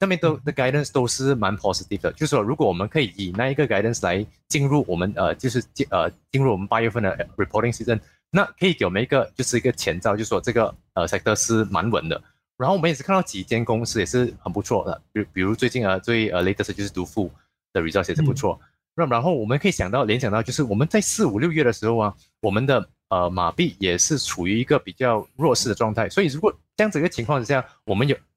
上面都，the guidance 都是蠻 positive 的，就是說如果我們可以以那一個 guidance 來進入我們，呃，就是進，呃，進入我們八月份的 reporting season，那可以給我們一個就是一個前兆，就是說這個，呃，sector 是蠻穩的。然後我們也是看到幾間公司也是很不錯的，比，比如最近，呃，最，呃，latest 就是獨富的 results 也是不錯。然、嗯，然後我們可以想到聯想到，就是我們在四五六月的時候啊，我們的，呃，馬幣也是處於一個比較弱勢的狀態，所以如果這樣子一個情況之下，我們有。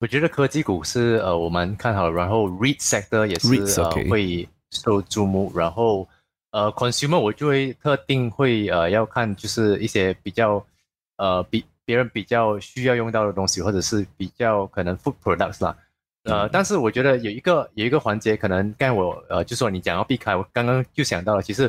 我覺得科技股是，呃、我們看好了，然後 REIT sector 也是 Reits,、okay. 呃、會受注目，然後，呃 consumer 我就會特定會，呃，要看就是一些比較，呃，比別人比較需要用到的東西，或者是比較可能 food products 啦，mm. 呃，但是我覺得有一個有一個環節，可能剛才我，呃，就說你講要避開，我剛剛就想到了，其實。